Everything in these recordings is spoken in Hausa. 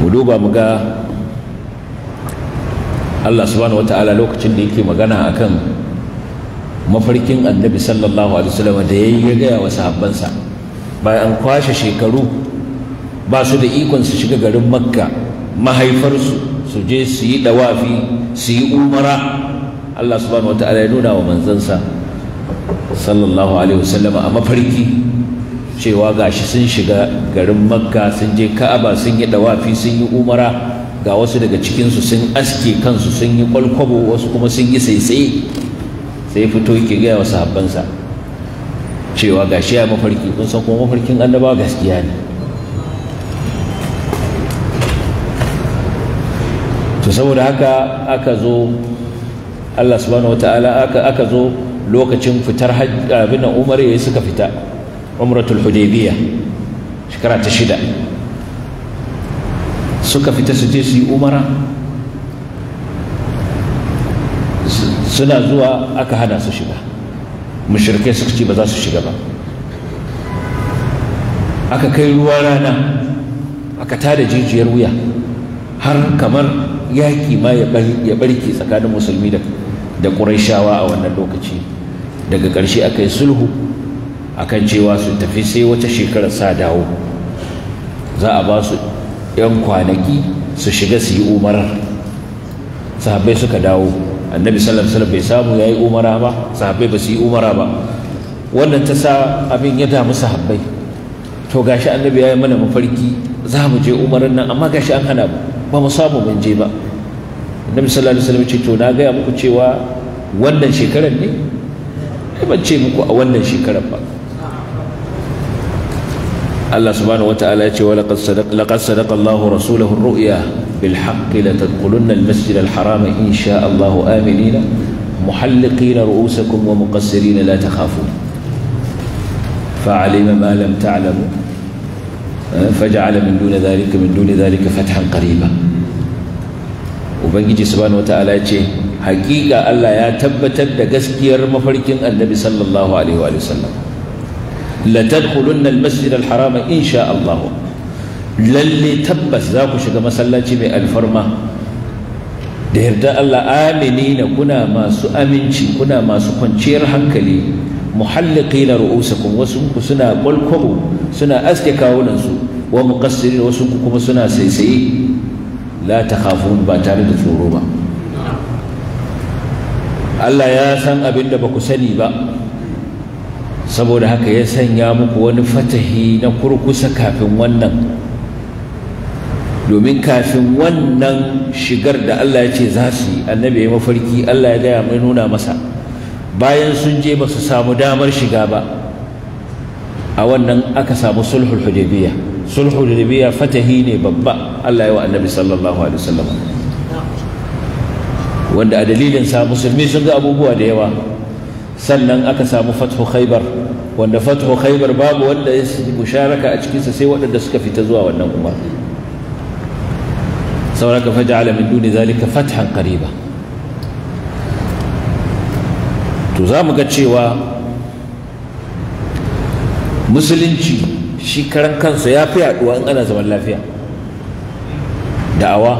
mu duba mu ga Allah subhanahu wata'ala lokacin da yake magana akan mafarkin annabi sallallahu alaihi wasallam da yayi ya gaya wa sahabbansa bayan an kwashe shekaru ba su da ikon su shiga garin makka mahaifarsu su je su yi dawafi su yi umara Allah subhanahu wata'ala ya nuna wa manzansa sallallahu alaihi wasallam a mafarki cewa gashi sun shiga garin makka sun je ka'aba sun yi dawafi sun yi umara ga wasu daga cikinsu sun aske kansu sun yi kwalkwabo wasu kuma sun yi saisaye sai fito yake gaya wasu habbansa cewa gashi ya mafarki kun san kuma mafarkin annabawa gaskiya ne to saboda haka aka zo Allah subhanahu wataala aka aka zo lokacin fitar abin nan Umar yayi suka fita umratul hudaybiya shekara ta shida suka fita su je su yi umara suna zuwa aka hana su shiga mushrikai suka ce ba za su shiga ba aka kai ruwa rana aka tada jijiyar wuya har kamar yaƙi ma ya barke tsakanin musulmi da ƙuraishawa a wannan lokaci daga ƙarshe aka yi sulhu akan cewa su tafi sai wata shekara sa dawo za a ba su 'yan kwanaki su shiga su yi umarar sahabbai suka dawo annabi sallallahu alaihi bai samu ya yi umara ba sahabbai ba su yi umara ba wannan ta sa abin ya damu sahabbai to gashi annabi ya yi mana mafarki za mu je umarar nan amma gashi an hana mu ba mu samu mun je ba annabi sallallahu alaihi wasallam ce to na gaya muku cewa wannan shekarar ne eh, ban ce muku a wannan shekarar ba الله سبحانه وتعالى ولقد صدق لقد صدق الله رسوله الرؤيا بالحق لتدخلن المسجد الحرام إن شاء الله آمنين محلقين رؤوسكم ومقصرين لا تخافون فعلم ما لم تعلموا فجعل من دون ذلك من دون ذلك فتحا قريبا وبنجي سبحانه وتعالى حقيقة الله يا تبتد قسكير مفركين النبي صلى الله عليه وآله وسلم latadkhulunna almasjid alharam insha Allah lalle tabbas za shiga masallaci mai alfarma da yarda Allah aminina kuna masu aminci kuna masu kwanciyar hankali muhalliqina ru'usakum wasu kwalkwabo suna aske kawunan su wa muqassirin kuma suna saisaye la ba tare da tsoro ba Allah ya san abin da sani ba saboda haka ya sanya muku wani fatahi na kurkusa kafin wannan domin kafin wannan shigar da Allah ya ce za su yi annabi ya mafarki Allah ya gaya mai nuna masa bayan sun je ba su samu damar shiga ba a wannan aka samu sulhul hudaybiya sulhul hudaybiya fatahi ne babba Allah ya wa annabi sallallahu alaihi wasallam wanda a dalilin sa musulmi sun ga abubuwa da yawa sannan aka samu fathu khaibar, wanda fathu khaibar babu wanda ya musharaka a cikinsa sai waɗanda suka fita zuwa wannan umar sauraka faja'ala min duni zalika fathan qariba to za mu ga cewa musulunci shi karan kansa ya fi yaduwa in ana zaman lafiya da'awa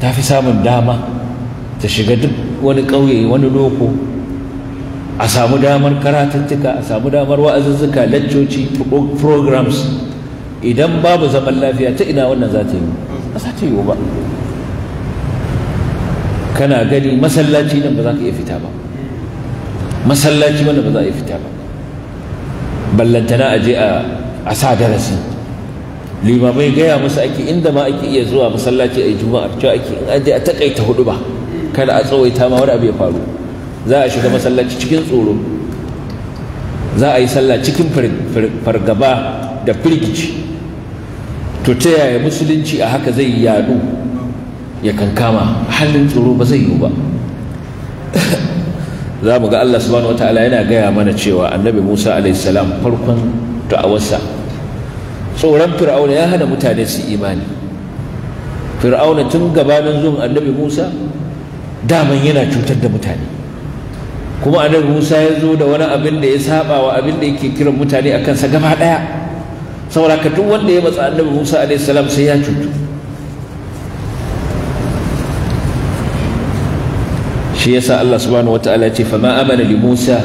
ta fi samun dama ta shiga duk wani ƙauye wani loko a samu damar karatuttuka a samu damar wa'azuzzuka laccoci programs idan babu zaman lafiya ta ina wannan za ta yi ba za ta yi ba kana gani masallaci nan ba za ka iya fita ba masallaci wanda ba za a iya fita ba ballantana a je a sa darasi limamai gaya musu ake inda ma ake iya zuwa masallaci a yi juma'a cewa ake in aje a takaita hudu ba kada a tsawaita ma wani abu ya faru za a shiga masallaci cikin tsoro za a yi sallah cikin fargaba da firgici to ta yaya musulunci a haka zai yadu ya kankama halin tsoro ba zai yiwu ba za mu ga Allah subhanahu ta'ala yana gaya mana cewa annabi Musa salam farkon ta'awarsa tsoron fir'auna ya hana mutane su imani fir'auna tun gabanin zuwan annabi Musa daman yana cutar da mutane kuma annabi Musa ya zo da wani abin da ya saba wa abin da yake kiran mutane a kansa gaba ɗaya saboda ka duk wanda ya matsa annabi Musa alaihi salam sai ya cutu shi yasa Allah subhanahu wataala ya ce fa ma amana li Musa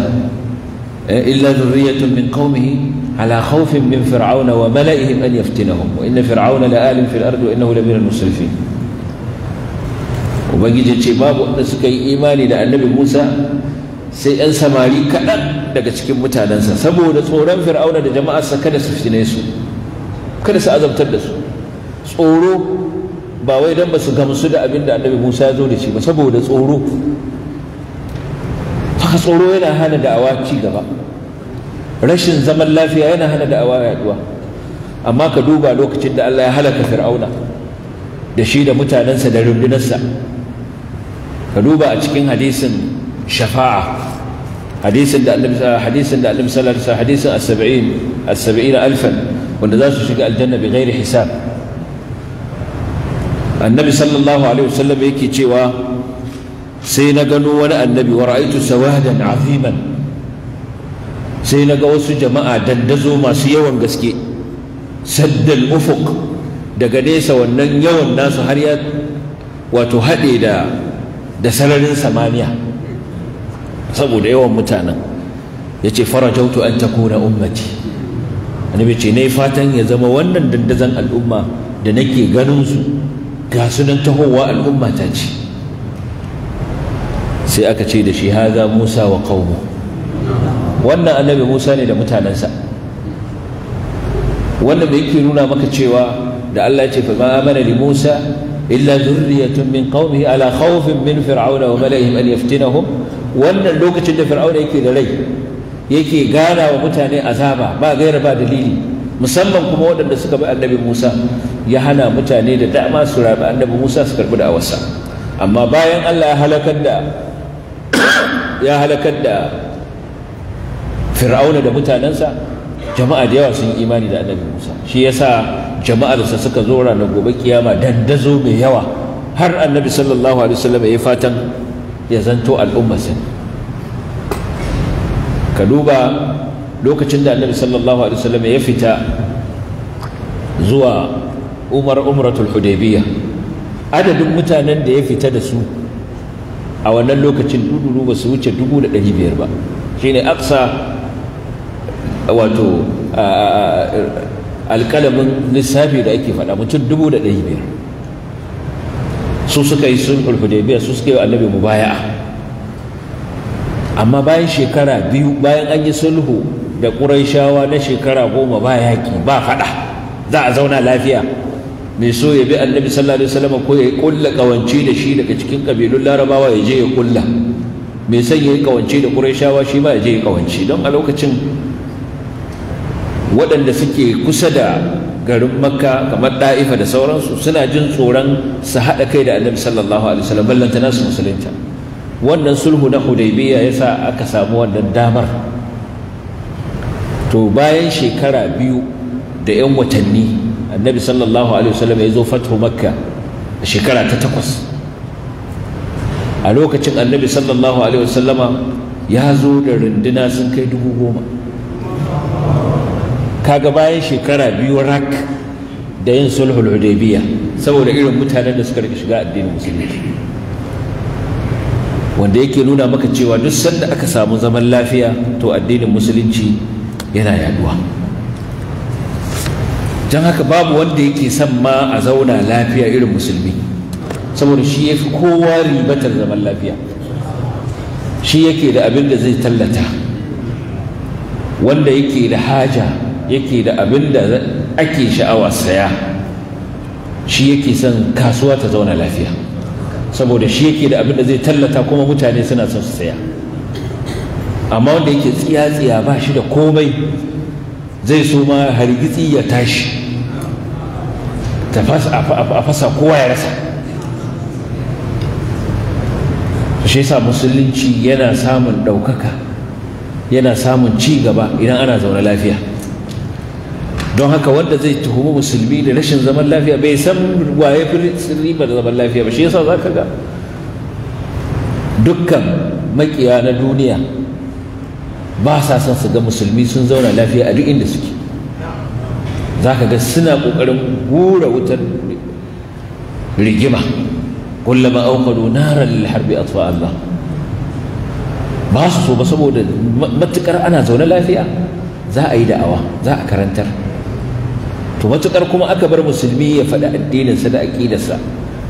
eh, illa dhurriyyatun min qaumihi على خوف من فرعون وملئهم أن يفتنهم وإن فرعون لآل في الأرض Ubangiji ce babu wanda suka yi imani da Annabi Musa. sai 'yan samari kaɗan daga cikin mutanensa saboda tsoron fir'auna da jama'arsa kada su fitine su kada su azabtar da su tsoro ba wai don ba su gamsu da abin da annabi musa ya zo da shi ba saboda tsoro haka tsoro yana hana da'awa ci gaba rashin zaman lafiya yana hana da'awa yaduwa amma ka duba lokacin da allah ya halaka fir'auna da shi da mutanensa da rundunarsa ka duba a cikin hadisin shafa'a hadisin da Allah hadisin da Allah sallallahu alaihi hadisin as-70 as-70 alfan wanda za su shiga aljanna bi ghairi hisab annabi sallallahu alaihi wasallam yake cewa sai na gano wani annabi wa ra'aytu sawadan aziman sai na ga wasu jama'a dandazo masu yawan gaske saddal ufuq daga nesa wannan yawan nasu har ya wato haɗe da da sararin samaniya saboda yawan mutanen ya ce farajautu an takuna ummati annabi ce yi fatan ya zama wannan dandazon al'umma da nake ganin su ga su nan tahowa al'umma ta ce sai aka ce da shi haza musa wa qaumu wannan annabi musa ne da mutanensa wannan da yake nuna maka cewa da Allah ya ce fa ma amana li musa illa zurriyatun min qaumihi ala khawfin min fir'auna wa mala'ihim an yaftinahum wannan lokacin da fir'auna yake da rai yake gana wa mutane azaba ba gaira ba dalili musamman kuma waɗanda suka bi annabi Musa ya hana mutane da dama su rabi annabi Musa su karbi da'awarsa amma bayan Allah ya halakar da ya halakar da fir'auna da mutanensa jama'a da yawa sun imani da annabi Musa shi yasa jama'arsa suka zo ranar gobe kiyama dandazo mai yawa har annabi sallallahu alaihi wasallam ya fatan ya zanto al'ummarsa ka duba lokacin da annabi sallallahu alaihi wasallam ya fita zuwa umar umratul hudaybiyah adadin mutanen da ya fita da su a wannan lokacin duduru ba su wuce dubu da ɗari biyar ba shine aksa wato alƙalamin lissafi da ake faɗa mutum dubu da ɗari biyar su suka yi sun hulhudaibiyar su suka yi annabi baya. amma bayan shekara biyu bayan an yi sulhu da ƙuraishawa na shekara goma ba yaƙi ba faɗa za a zauna lafiya mai so ya bi annabi sallallahu alaihi wasallam ko ya kulla kawance da shi daga cikin kabilun larabawa ya je ya kulla mai son ya yi kawance da ƙurayshawa shi ba ya je ya kawance don a lokacin waɗanda suke kusa da garin makka kamar da'ifa da sauransu suna jin tsoron su haɗa kai da annabi sallallahu alaihi wasallam ballanta nasu musulunta wannan sulhu na hudaybiya yasa aka samu wannan damar to bayan shekara biyu da 'yan watanni annabi sallallahu alaihi wasallam ya zo fatu makka a shekara ta takwas a lokacin annabi sallallahu alaihi wasallama ya zo da runduna sun kai dubu goma kaga bayan shekara biyu rak da yin sulhul hudaybiya saboda irin mutanen da suka rika shiga addinin musulunci wanda yake nuna maka cewa duk sanda aka samu zaman lafiya to addinin musulunci yana yaduwa Jan haka babu wanda yake son ma a zauna lafiya irin musulmi saboda shi ya fi kowa ribatar zaman lafiya shi yake da abin da zai tallata wanda yake da haja yake da abin da ake sha'awa saya shi yake son kasuwa ta zauna lafiya saboda shi yake da abin da zai tallata kuma mutane suna son su saya amma wanda yake tsiya-tsiya ba shi da komai zai so ma hargitsi ya tashi a fasa kowa ya rasa shi yasa musulunci yana samun ɗaukaka yana samun ci gaba idan ana zaune lafiya don haka wanda zai tuhumi musulmi da rashin zaman lafiya bai san waye fi ba da zaman lafiya ba shi yasa za ka ga dukkan makiya na duniya ba sa son su ga musulmi sun zauna lafiya a duk inda suke za ka ga suna ƙoƙarin gura wutar rigima kullama auqadu naran lil harbi atfa Allah ba su so ba saboda matukar ana zaune lafiya za a yi da'awa za a karantar to matuƙar kuma aka bar musulmi ya faɗi addininsa da aƙidarsa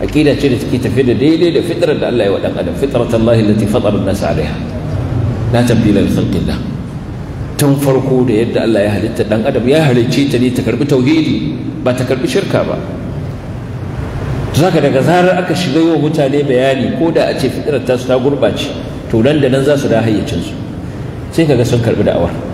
aƙida ce da take tafi da daidai da fitrar da Allah ya wa dan adam fitratallahi allati fatara an-nas Na la da li khalqillah tun farko da yadda Allah ya halitta dan adam ya halicce ta ne ta karbi tauhidi ba ta karbi shirka ba Za ka daga zarar aka shiga yau mutane bayani ko da a ce fitrar ta su ta gurɓace. to nan da nan za su da hayyacinsu sai ka ga sun karbi da'awar